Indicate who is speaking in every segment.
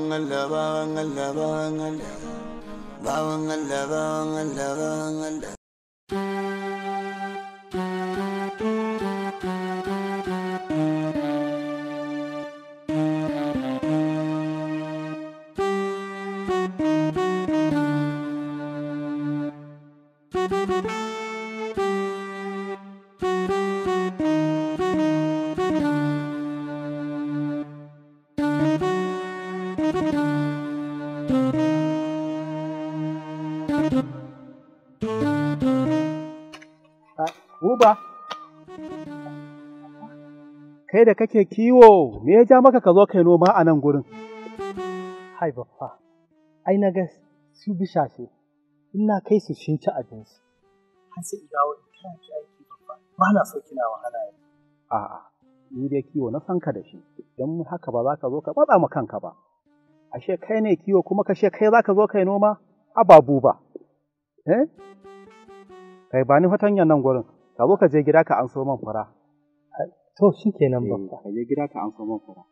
Speaker 1: bawangala bawangala bawangala bawangala bawangala
Speaker 2: Uba, kai da kake kiwo, me ya ja maka ka zo kai noma a nan gurin?
Speaker 3: Hai baffa,
Speaker 2: ai na ga su bishashe, ina kai su shin ci abinsu.
Speaker 3: Har sai idawo in tana ki aiki baffa, ba na so kina wahala yau.
Speaker 2: A'a, ni dai kiwo na san ka da shi, don haka ba za ka zo ka matsa ma kanka ba. Ashe kai ne kiwo kuma kashe kai za ka zo kai noma? ababu ba eh kai ba ni fatanya nan gurin ka zo ka je gida ka an so man fara to shikenan eh, ba ka je gida ka an so man fara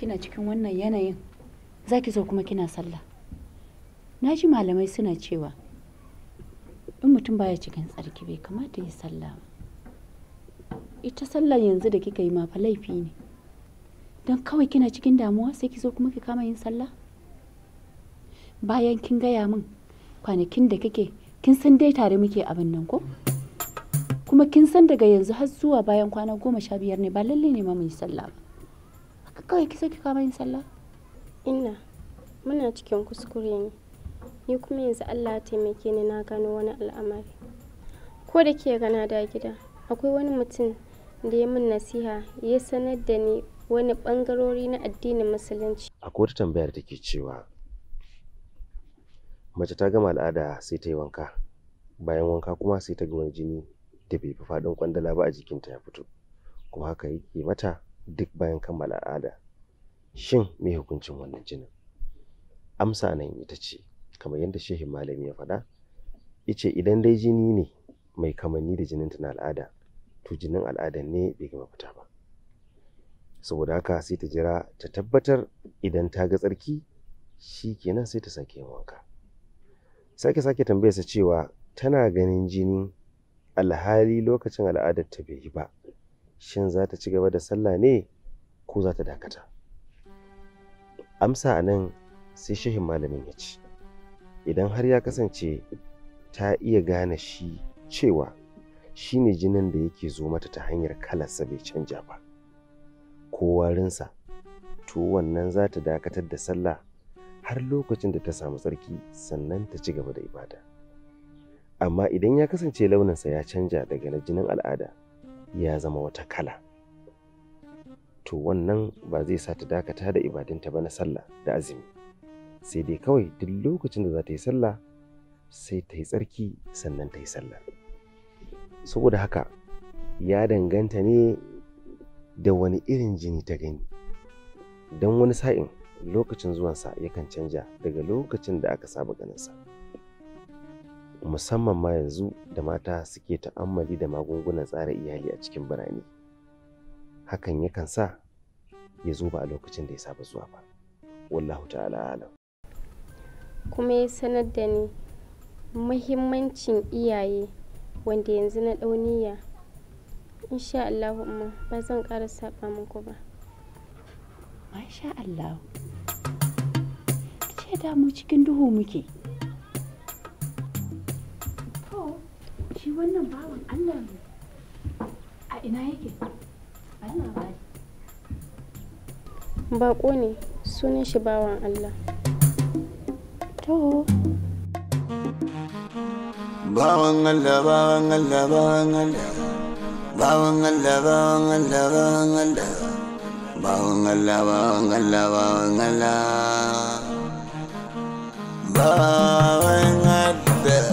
Speaker 4: kina cikin wannan yanayin za ki zo kuma kina sallah na ji malamai suna cewa in mutum baya cikin tsarki bai kamata ya sallah ita sallah yanzu da kika yi mafa laifi ne don kawai kina cikin damuwa sai ki zo kuma ki kama yin sallah bayan kin gaya min kwanakin da kake kin san dai tare muke abin nan ko kuma kin san daga yanzu har zuwa bayan kwana goma sha biyar ne ba lalle ne ma mu yi sallah ba kawai ki kika kama yin sallah inna
Speaker 5: muna cikin kuskure ne ni kuma yanzu Allah ya taimake ni na gano wani al'amari ko da ke gana da gida akwai wani mutum da ya min nasiha ya sanar da ni wani bangarori na addinin musulunci a
Speaker 6: kotu tambayar da take cewa mace ta gama al'ada sai ta yi wanka bayan wanka kuma sai ta ga jini da bai fi faɗin kwandala ba a jikinta ya fito kuma haka yake mata duk bayan kammala al'ada shin me hukuncin wannan jinin amsa nan ita ce kamar yadda shehin malami ya faɗa ice idan dai jini ne mai kamanni da jininta na al'ada to jinin al'adan ne bai gama fita ba saboda haka sai ta jira ta tabbatar idan ta ga tsarki shi kenan sai ta sake yin wanka sake sake sa cewa tana ganin jini alhali lokacin al'adar ta bai yi ba shin za ta ci gaba da sallah ne ko za ta dakata amsa a nan sai shehin malamin ya ce idan har ya kasance ta iya gane shi cewa shi ne jinin da yake zo mata ta hanyar kalarsa bai canja ba ko warinsa to wannan za ta dakatar da sallah har lokacin da ta samu tsarki sannan ta ci gaba da ibada amma idan ya kasance launinsa ya canja daga na jinin al'ada ya zama wata kala to wannan ba zai sa ta dakata da ibadunta ba na sallah da azumi sai dai kawai duk lokacin da za ta yi sallah sai ta yi tsarki sannan ta yi sallah saboda haka ya danganta ne da wani irin jini ta gani don wani sa'in lokacin zuwansa yakan canja daga lokacin da aka saba ganinsa musamman ma yanzu da mata suke ta'ammali da magungunan tsara iyali a cikin birane hakan yakan sa ya zo ba a lokacin da ya saba zuwa ba wallahu ta'ala alam
Speaker 5: kuma ya sanar da ni muhimmancin iyaye wanda yanzu na ɗauniya insha Allah umma ba zan
Speaker 4: ƙara saba muku ba masha Allah ce da mu cikin duhu muke to shi wannan bawan Allah a ina yake
Speaker 5: Baƙo ne, sunan shi bawan Allah. To.
Speaker 1: Bawan Allah, bawan Allah, bawan Allah. Bawan Allah, bawan Allah, bawan Allah. Bawan Allah, bawan Allah, bawan Allah. Bawan Allah.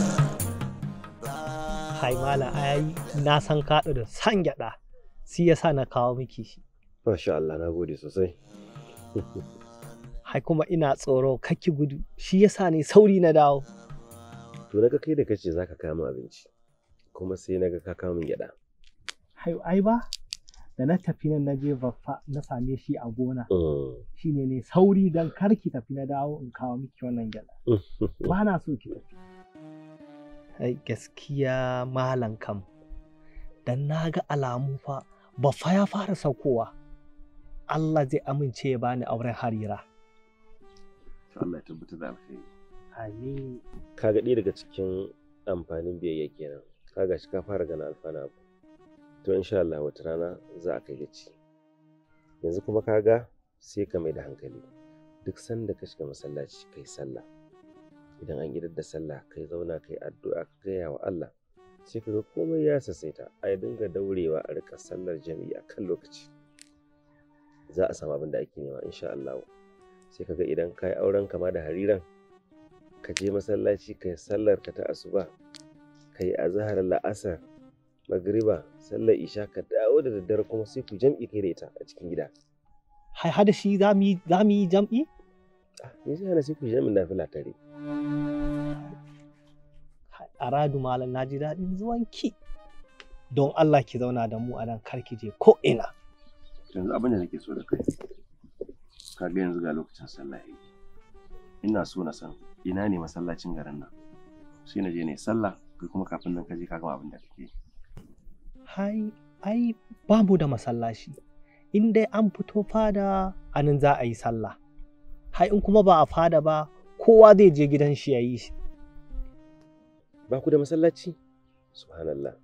Speaker 3: Hai Mala, ai na san kaɗu da san gyaɗa. shi sa na kawo
Speaker 6: miki shi masha Allah na gode sosai
Speaker 3: hai kuma ina tsoro kaki gudu shi ya sa ne sauri na dawo
Speaker 6: to daga kai da kace zaka mu abinci kuma sai naga ka kama gyada
Speaker 3: hai ai ba da na tafi nan na je baffa na same shi a gona mm. shine ne sauri dan kar ki tafi na dawo in kawo miki wannan gyada ba na so ki tafi Hai gaskiya malam kam dan na ga alamu fa baffa ya fara saukowa Allah zai amince ya bani auren harira
Speaker 6: Allah ya tabbata da alkhairi amin Ka ɗaya daga cikin amfanin biyayya kenan ka ga shi ka fara gana alfana ba. to insha Allah wata rana za a kai gaci yanzu kuma kaga sai ka mai da hankali duk sanda ka shiga masallaci kai sallah idan an gidar da sallah kai zauna kai addu'a ka gaya wa Allah sai kaga komai ya sasaita a dinga daurewa a rika sallar jami'i a kan lokaci za a samu abin da ake nema insha Allah sai kaga idan ka yi auren kama da hariran ka je masallaci ka sallar ka ta asuba ka yi azahar la'asar magriba sallar isha ka dawo da daddare kuma sai ku jam'i kai da ita a cikin gida
Speaker 3: hada shi za mu yi jam'i?
Speaker 6: Ah, me yanzu hana sai ku jam'in nafila tare
Speaker 3: aradu malam na ji daɗin zuwan ki don Allah ki zauna da mu a nan kar ki je ko
Speaker 6: ina yanzu abin da nake so da kai ka ga yanzu ga lokacin sallah ina so na san ina ne masallacin garin nan sai na je ne sallah kai kuma kafin nan ka je ka gama abin da kake
Speaker 3: hai ai babu da masallaci in dai an fito fada anan za a yi sallah hai in kuma ba a
Speaker 6: fada ba kowa zai
Speaker 3: je gidan shi ya yi ba ku da masallaci
Speaker 6: subhanallah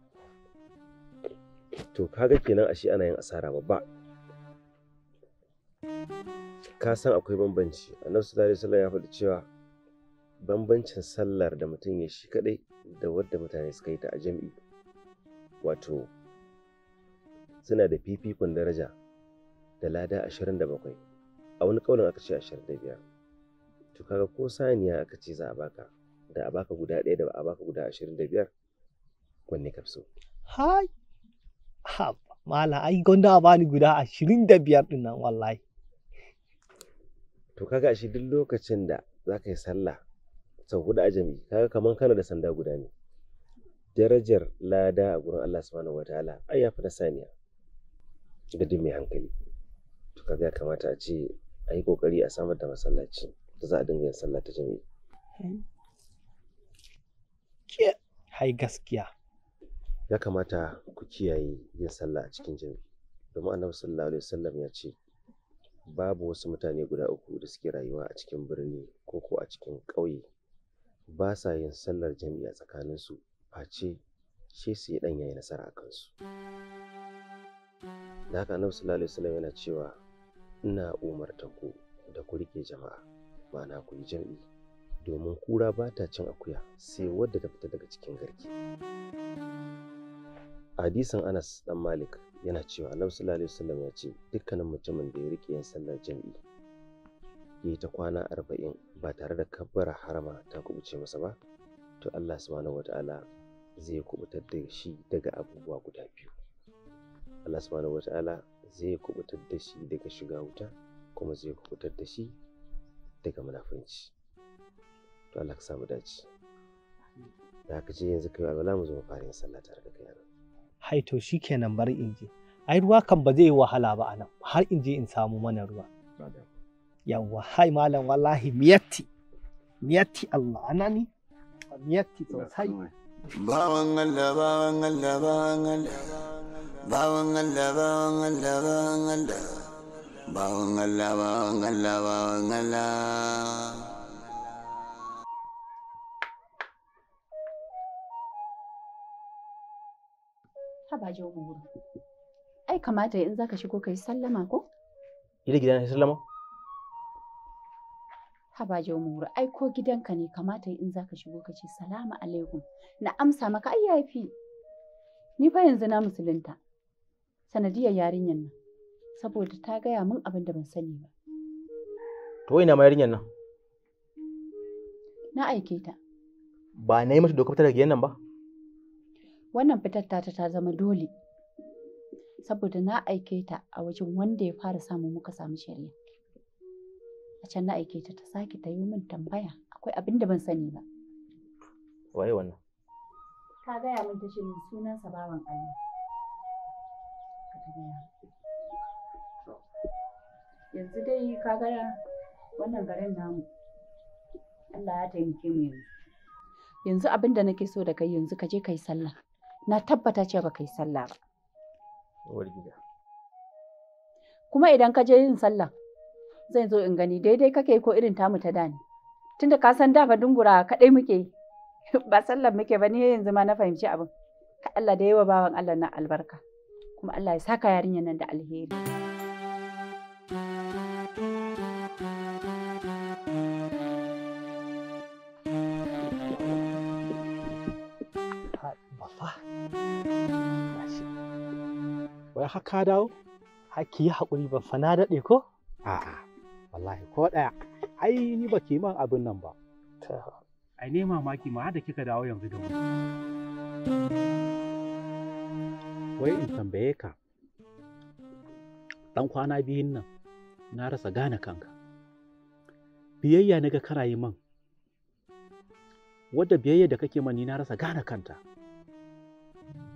Speaker 6: to kaga kenan ashe ana yin asara ba. ka san akwai bambanci annabi sallallahu alaihi wasallam ya faɗi cewa bambancin sallar da mutum ya shi kadai da wadda mutane suka yi ta a jam'i wato suna da fifikon daraja da lada 27 a wani kaulin aka ce 25 to kaga ko saniya aka ce za a baka da a baka guda ɗaya da a baka guda ashirin da biyar wanne ka fi so hai
Speaker 3: ha mala ai gonda a bani guda ashirin da biyar ɗin nan wallahi
Speaker 6: to kaga ashe duk lokacin da za ka yi sallah sau hudu a jami, kaga kaman kana da sanda guda ne darajar lada a gurin Allah subhanahu ta'ala, ai ya fi na saniya ga duk mai hankali to kaga ya kamata a ce a yi ƙoƙari a samar da masallaci da za a dinga yin sallah ta jami'i gaskiya hai gaskiya ya kamata ku kiyaye yin sallah a cikin jami'i domin annabi sallallahu alaihi wasallam ya ce babu wasu mutane guda uku da suke rayuwa a cikin birni ko ko a cikin ƙauye ba sa yin sallar jami'i a tsakaninsu face shi su yi ɗan yayi nasara a kansu da haka annabi sallallahu alaihi wasallam yana cewa ina umartanku da ku rike jama'a ma'ana ku yi jami'i domin kura ba ta cin akuya sai wadda ta fita daga cikin garke. hadisin anas dan malik yana cewa annabi sallallahu alaihi wasallam ya ce dukkanin mutumin da ya rike yin sallar jami'i ya yi ta kwana arba'in ba tare da kabbara harama ta kubuce masa ba to allah subhanahu wataala zai kubutar da shi daga abubuwa guda biyu allah subhanahu wataala zai kubutar da shi daga shiga wuta kuma zai kubutar da shi daga munafunci to Allah ka samu dace da haka ce yanzu kai alwala mu zo fara yin sallah tare da kai nan
Speaker 3: hai to shikenan bari in je ai ruwa kan ba zai yi wahala ba anan har in je in samu mana ruwa yawwa hai malam wallahi miyatti miyatti Allah anani miyatti sosai
Speaker 1: bawan Allah bawan Allah bawan Allah bawan Allah bawan Allah bawan Allah bawan Allah bawan Allah bawan Allah
Speaker 4: ba jawuru. Ai kamata in zaka shigo kai sallama ko?
Speaker 2: Ida gidan sai sallama?
Speaker 4: Haba jawuru, ai ko gidanka ne kamata in zaka shigo ka ce salamu alaikum. Na amsa maka ai yafi. Ni fa yanzu na musulunta. Sanadiyar yarinyan nan. Saboda ta gaya min abin da ban sani ba.
Speaker 2: To ina ma yarinyan nan? Na aike ta. Ba na yi mata dokar ta daga nan ba?
Speaker 4: wannan fitar ta ta zama dole saboda na aike ta a wajen wanda ya fara samun muka samu shari'a a can na aike ta ta sake ta yi min tambaya akwai abin da ban sani ba waye wannan ka gaya min ta ce min sunansa bawan Allah ka ta gaya yanzu dai ka gaya wannan garin namu Allah ya taimake mu yanzu yanzu abin da nake so da kai yanzu ka je kai sallah na tabbata cewa ba yi sallah ba kuma idan ka je yin sallah zai zo in gani daidai kake ko irin tamu ta da ni? tunda ka san da dungura kaɗai muke ba sallah muke ba ni yanzu ma na fahimci abin ka Allah da yawa bawan Allah na albarka kuma Allah ya saka yarinyar nan da alheri.
Speaker 2: wai haka ka dawo
Speaker 3: har ki yi haƙuri ban fa daɗe ko a'a wallahi ko ɗaya ai ni ba ki
Speaker 2: man abin nan ba ai ne mamaki ma da kika dawo yanzu da wani. wai in tambaye ka ɗan kwana biyun nan na rasa gane kanka biyayya na ga kana yi man wadda biyayya da kake mani na rasa gane kanta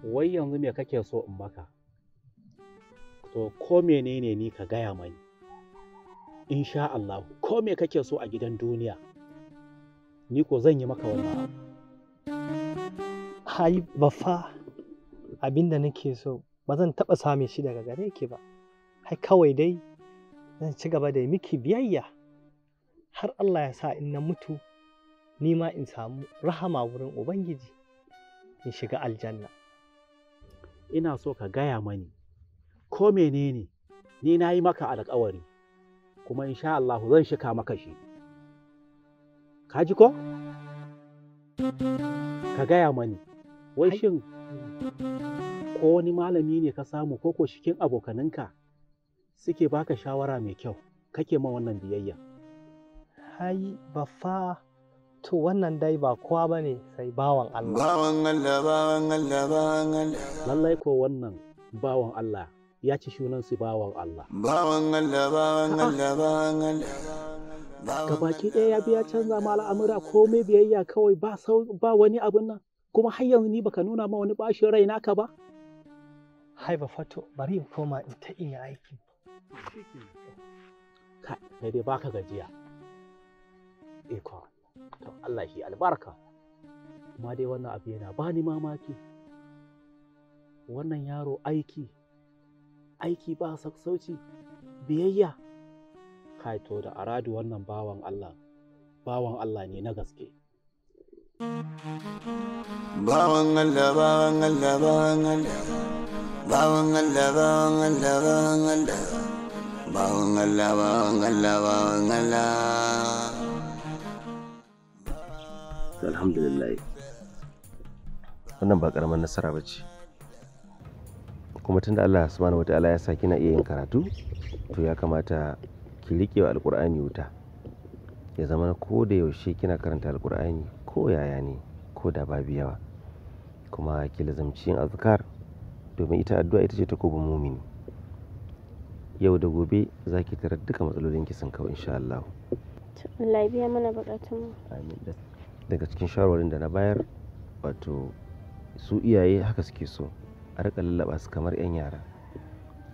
Speaker 2: wai yanzu me kake so in maka to ko menene ni ka gaya mani insha Allah ko me kake so a gidan duniya ni ko zan yi maka wannan hai
Speaker 3: bafa abinda nake so ba zan taɓa same shi daga gare ki ba hai kawai dai zan ci gaba da miki biyayya har Allah ya sa in na mutu ni ma in samu rahama wurin Ubangiji in
Speaker 2: shiga aljanna. Ina so ka gaya mani ko menene ni na yi maka alkawari kuma insha Allah zan shika maka shi ka ji ko ka gaya mani wai shin ko wani malami ne ka samu ko ko shikin abokaninka suke baka shawara mai kyau kake ma wannan biyayya
Speaker 3: hai fa. to wannan dai ba kowa ba ne sai
Speaker 2: bawan Allah. Bawan Allah, bawan Allah, bawan Allah. Lallai ko wannan bawan Allah ya ci sunansu bawan
Speaker 1: Allah. Bawan Allah, bawan Allah, bawan Allah. Gabaki
Speaker 2: ɗaya ya biya canza ma al'amura komai biyayya kawai ba wani abin nan. Kuma har yanzu ni baka nuna ma wani bashin rai naka ba. Hai ba fato bari in koma in ta iya aiki. Kai, kai dai baka gajiya. Iko, to Allah shi albarka. Kuma dai wannan abu yana bani mamaki. Wannan yaro aiki aiki ba sassauci biyayya kai to da aradu wannan bawan Allah
Speaker 1: bawan Allah ne na gaske bawan Allah bawan Allah bawan Allah bawan Allah bawan Allah bawan Allah bawan Allah bawan Allah bawan Allah alhamdulillah
Speaker 6: wannan ba karamar nasara ba ce kuma tunda Allah subhanahu wataala ya sa kina iya yin karatu to ya kamata ki rike wa alkur'ani wuta ya zama ko da yaushe kina karanta alkur'ani ko yaya ne ko da babu yawa kuma ki lazamci yin azkar domin ita addu'a ita ce ta takobin mumini yau da gobe za ki tarar duka matsalolin ki sun kawo insha Allah
Speaker 5: Allah biya mana bukatun amin
Speaker 6: daga cikin shawarwarin da na bayar wato su iyaye haka suke so a rika lallaba su kamar 'yan yara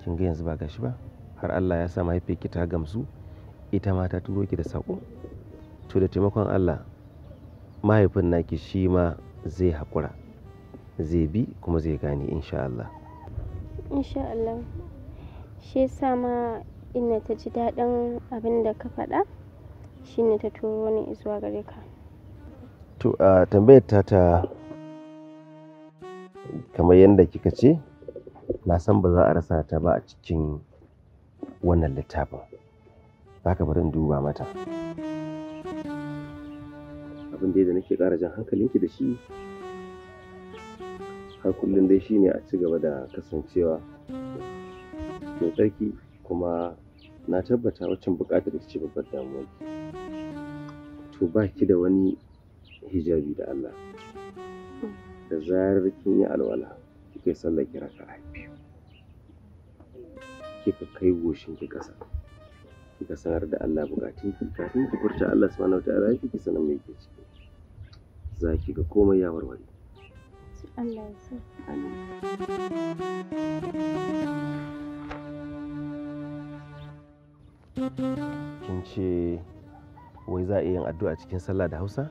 Speaker 6: kin ga yanzu ba gashi ba har Allah ya sa mahaifiyarki ta gamsu ita ma ta turo ki da sako to da taimakon Allah mahaifin naki shi ma zai haƙura zai bi kuma zai gane insha Allah
Speaker 5: insha Allah shi yasa ma ina ta ji daɗin abin da ka faɗa shine ta turo ni zuwa gare ka
Speaker 6: to a tambayar ta ta kamar yadda kika ce na san ba za a rasa ta ba a cikin wannan littafin za bari in duba mata abin da nake ƙara jan hankalinki da shi har kullum dai shine a ci gaba da kasancewa mai tsarki kuma na tabbata waccan buƙatar ce babbar damuwa to ba ki da wani hijabi da Allah da zarar kin yi alwala kika yi sallar ki biyu kika kai goshin ki ƙasa kika sanar da Allah bukatun ki kafin ki furta Allah subhanahu wa ta'ala kike sanar me yake ciki Zaki ga komai ya warware
Speaker 5: Allah ya sa amin
Speaker 6: kin ce wai za a iya yin addu'a cikin sallah da Hausa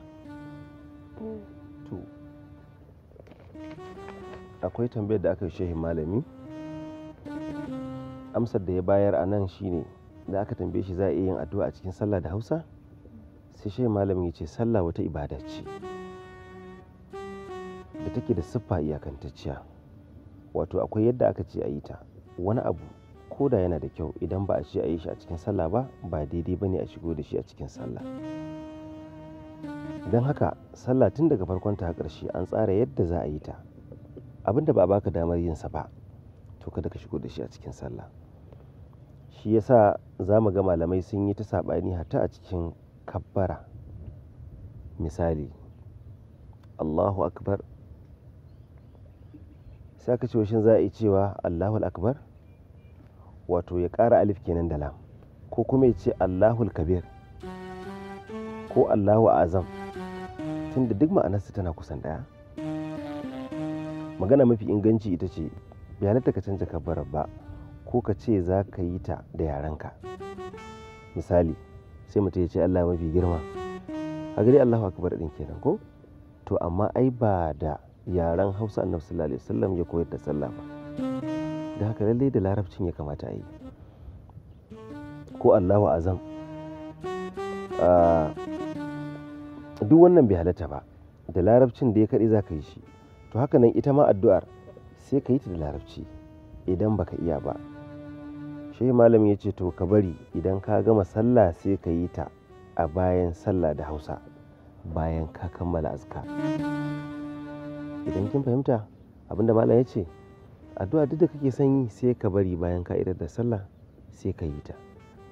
Speaker 6: mm. to akwai tambayar da aka yi shehin malami amsar da ya bayar a nan shine da aka tambaye shi za a iya yin addu'a a cikin sallah da hausa sai shehin malami ya ce sallah wata ibada ce da take da siffa iyakantacciya wato akwai yadda aka ce a yi ta wani abu ko da yana da kyau idan ba a ce a yi shi a cikin sallah ba ba daidai ba ne a shigo da shi a cikin sallah don haka sallah tun daga farkon ta ƙarshe an tsara yadda za a yi ta abin da ba baka damar yin sa ba to kada ka shigo da shi a cikin sallah shi yasa za mu ga malamai sun yi ta saɓani hatta a cikin kabbara misali allahu akbar sai ka ce za a yi cewa allahu akbar wato ya kara alif kenan da lam ko kuma ya ce Allahu kabir ko allahu azam tunda duk ma'anarsa tana kusan daya. magana mafi inganci ita ce bai ka canza ka bar ba ko ka ce za ka yi ta da yarenka misali sai mutum ya ce Allah mafi girma a gari Allahu akbar din kenan ko to amma ai ba da yaren Hausa Annabi sallallahu alaihi wasallam ya koyar da sallah ba da haka lallai da larabcin ya kamata a yi ko Allahu azam ah, duk wannan bai halatta ba da larabcin da ya kaɗai za ka yi shi to haka nan ita ma addu'ar sai ka yi ta da larabci idan baka iya ba shi malam ya ce to ka bari idan ka gama sallah sai ka yi ta a bayan sallah da hausa bayan ka kammala azka idan kin fahimta abinda malam ya ce addu'a duk da kake son yi sai ka bari bayan ka idar da sallah sai ka yi ta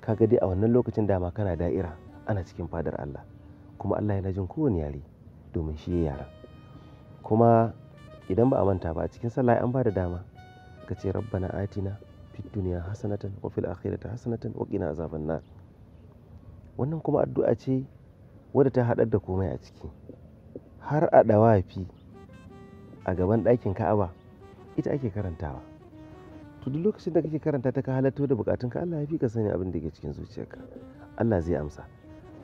Speaker 6: kaga dai a wannan lokacin dama kana da'ira ana cikin fadar Allah kuma Allah yana jin kowane yare domin shi ya yara kuma idan ba a manta ba a cikin sallah an ba da dama ka ce rabbana atina fid duniya hasanatan wa fil akhirati hasanatan wa qina azaban nar wannan kuma addu'a ce wadda ta haɗar da komai a ciki har a ɗawafi a gaban ɗakin ka'aba ita ake karantawa to duk lokacin da kake karanta ta ka halatto da bukatun ka Allah ya fi ka sani abin da ke cikin zuciyarka Allah zai amsa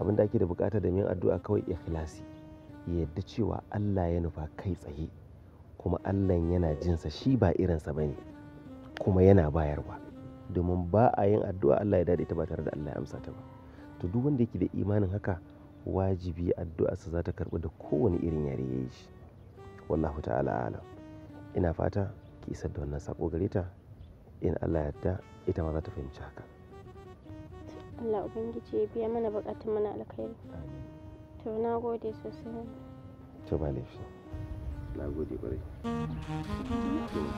Speaker 6: abin da ake da bukata da mai addu'a kawai ikhlasi yadda cewa Allah ya nufa kai tsaye kuma Allah yana jinsa shi ba irinsa ba ne kuma yana bayarwa domin ba a yin addu'a Allah ya daɗe ta ba tare da Allah ya amsa ta ba to duk wanda yake da imanin haka wajibi addu'arsa za ta karɓi da kowane irin yare ya yi shi wallahu ta'ala alam ina fata ki isar da wannan sako gare ta in Allah ya yarda ita ma za ta fahimci haka
Speaker 5: Allah ya biya mana mana alkhairi gode sosai
Speaker 6: to na gode kwarai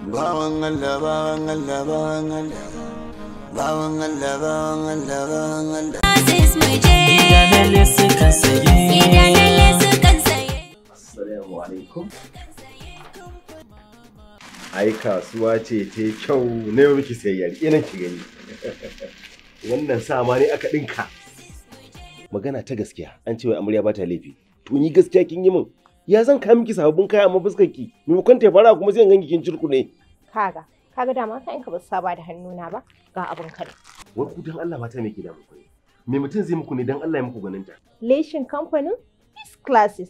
Speaker 1: bawan Allah bawan Allah bawan Allah bawan Allah bawan Allah bawan Allah Idanale sukan saye
Speaker 6: Idanale sukan saye Assalamu alaikum ai kasuwa ce ta kyau ne yau miki sayayyar ina ki gani wannan sama ne aka dinka magana ta gaskiya an ce wai amarya ba ta laifi to ni gaskiya kin yi min ya zan kai miki sababbin kaya amma fuskar ki maimakon ta fara kuma sai in ganki kin cirkune
Speaker 4: kaga kaga dama ka in ka ba saba da hannuna ba ga abin kare
Speaker 6: wa ku dan Allah mata me ke da muku ne me mutum zai muku ne dan Allah ya muku ganin ta
Speaker 4: leshin kamfanin class classes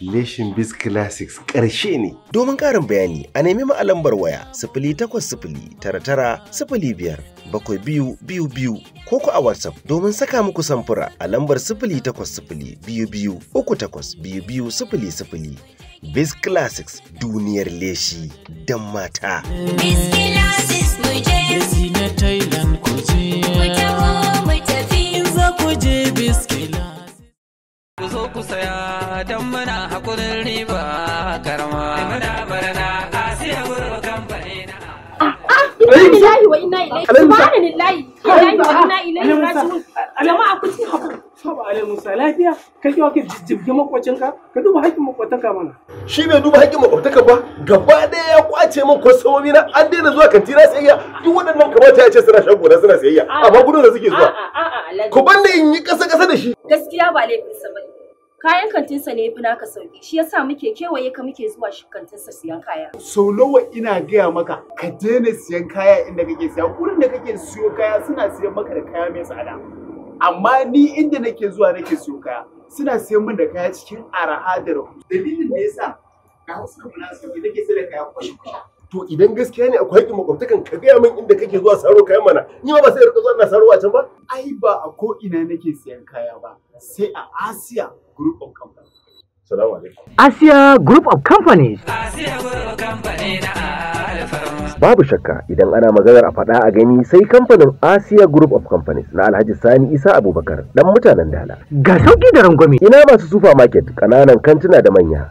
Speaker 6: Leshin Biz Classics ƙarshe ne. Domin ƙarin bayani a nemi mu a lambar waya sifili takwas sifili tara tara sifili biyar bakwai biyu biyu biyu ko ku a WhatsApp domin saka muku samfura a lambar sifili takwas sifili biyu biyu uku takwas biyu biyu sifili sifili. Biz Classics duniyar leshi don mata.
Speaker 2: Biz Classics mu je. na Thailand ku je. Mu
Speaker 5: tafi
Speaker 2: mu tafi. In za ku je Biz Classics.
Speaker 5: Ku zo ku saya. don muna hakurin riba karma. Muna barna Asiya Gurba kamfani na. Alhamdulillahi wa inna ilaihi subhanallahi ilahi wa inna ilaihi raji'un jama'a ku ci hakuri saba alai musa
Speaker 2: lafiya kai kiwa ka jijjibge makwacinka ka duba haƙƙin makwataka mana shi bai duba haƙƙin makwataka
Speaker 6: ba gaba ɗaya ya kwace min kwasomomi na an daina zuwa kantina sayayya duk waɗannan kamata ya ce suna shan gona suna sayayya amma gudun da suke zuwa ku balle in yi ƙasa ƙasa da shi gaskiya ba
Speaker 5: laifin sa bane kayan kantinsa ne fi naka sauki shi yasa muke kewaye ka muke zuwa kantinsa siyan kaya
Speaker 2: sau nawa ina gaya maka ka daina siyan kaya inda kake siya wurin da kake siyo kaya suna siyan maka da kaya mai tsada amma ni inda nake zuwa nake siyo
Speaker 6: kaya suna siyan min da kaya cikin araha da rahu dalilin da yasa
Speaker 2: ga wasu kamfanin sauki nake sayar da kaya
Speaker 6: kwashe-kwashe to idan gaskiya ne akwai haƙƙin makwabtakan ka gaya min inda kake zuwa saro kayan mana ni ma ba sai rika zuwa ina saro a can ba ai ba a ko ina nake siyan kaya ba sai a Asia Group of Companies Assalamu Asia Group of Companies Babu shakka idan ana maganar a faɗa a gani sai kamfanin Asia Group of Companies na Alhaji Sani Isa Abubakar dan mutanen Dala. Ga sauki da rangwame. Ina masu market kananan kantuna da manya.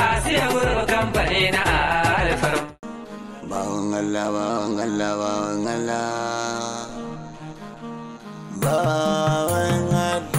Speaker 6: gurba kamfani na alfar
Speaker 1: bawan Allah Allah Allah Allah